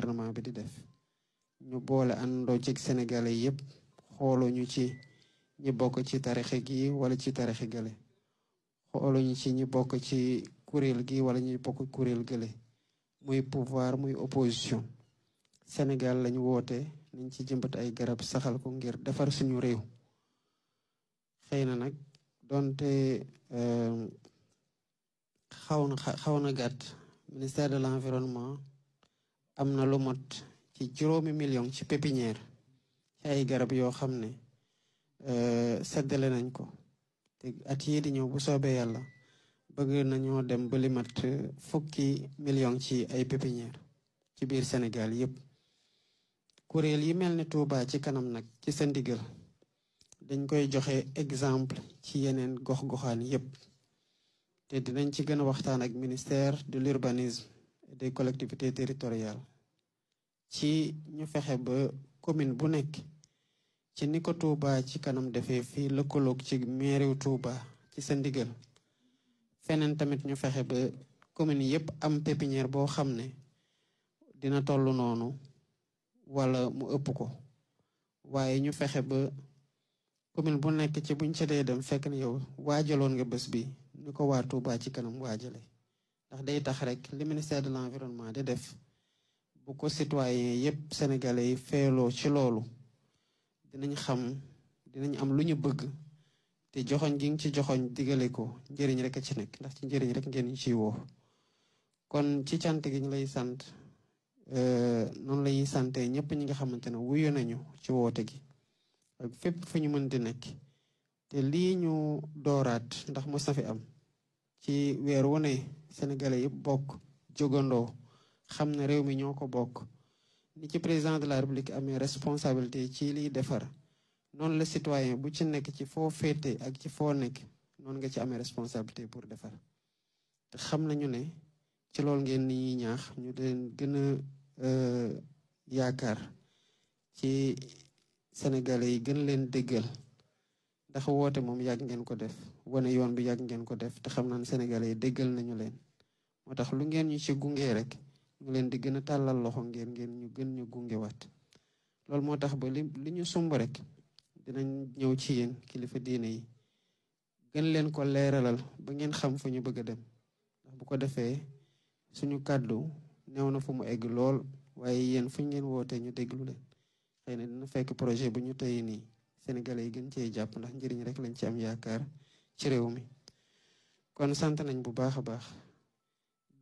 gouvernement bi di def ñu boole ando ci sénégalais yëpp xooluñu ci ñi bokk ci tarixe gi wala ci tarixe gële xooluñu ci ñi bokk ci kuréel gi wala ñi bokk kuréel gele muy pouvoir muy opposition Sénégal lañ woote nañ ci jëmbat ay garab saxal ko ngir defar suñu réew xeyna na nag donte euh, xaw na xaw na gàtt ministère de l'environnement amna lu mot ci juroomi million ci pépinière ci ay garab yoo xam ne euh, seddale nañ ko te at yii di ñëw bu soobee yàlla bëgg nañoo dem ba li mat euh, fukki million ci ay pépinière ci biir Sénégal yépp kuréel yi mel ne Touba ci kanam nag ci sa ndigal dañ koy joxe exemple ci yeneen gox-goxaan yépp te dinañ ci gën a waxtaan ak ministère de l'urbanisme et des collectivités territoriales ci ñu fexe ba commune bu nekk ci ni ko Touba ci kanam defee fii lëkkaloog ci mairie Touba ci sa ndigal feneen tamit ñu fexe ba commune yépp am pépinière boo xam ne dina toll noonu wala mu ëpp ko waaye ñu fexe ba commune bu nekk ci buñ ca dem fekk na yow waajaloon nga bés bi ni ko waa Touba ci kanam waajale ndax day tax rek li ministère de l'environnement di def bu ko citoyen yëpp sénégalais yi feeloo ci loolu dinañ xam dinañ am lu ñu bëgg te joxoñ gi nga ci joxoñ digale ko njëriñ rek a ci nekk ndax ci njëriñ rek ngeen ciy woo kon ci cant gi lay sant euh, noonu la ñuy sante ñëpp ñi nga xamante ne wuyu nañu ci woote gi ak fépp fu ñu mën di nekk te lii ñu dooraat ndax mos na fi am ci weer wu ne sénégalais yëpp bokk jógandoo xam na réew mi ñoo ko bokk ni ci président de la république amee responsabilité ci liy defar noonu la citoyen bu ci nekk ci foo féete ak ci foo nekk noonu nga ci amee responsabilité pour defar te xam nañu ne ci loolu ngeen ni ñuy ñaax ñu leen gën a euh, yaakaar ci sénégalais yi gën leen déggal ndax woote moom yàgg ngeen ko def wane yoon bi yàgg ngeen ko def te xam naa ne sénégalais yi déggal nañu leen moo tax lu ngeen ñu ci gungee rek ñu leen di gën a tàllal loxo ngeen ngeen ñu gën ñu gungewaat loolu moo tax ba li li ñu sumb rek dinañ ñëw ci yéen kilifa diine yi gën leen ko leeralal ba ngeen xam fu ñu bëgg a dem ndax bu ko defee suñu kàddu néew na fu mu egg lool waaye yéen fu ngeen wootee ñu déglu leen xëy na dina fekk projet bu ñu tey nii sénégalais yi gën cee jàpp ndax njëriñ rek lañ ci am yaakaar ci réew mi kon sant nañ bu baax baax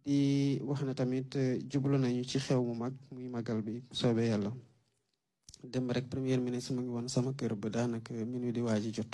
di wax na tamit euh, jublu nañu ci xew mu mag muy magal bi soobee yàlla dem rek premier ministre mu ngi woon sama kër ba daanaka minuit di waaji jot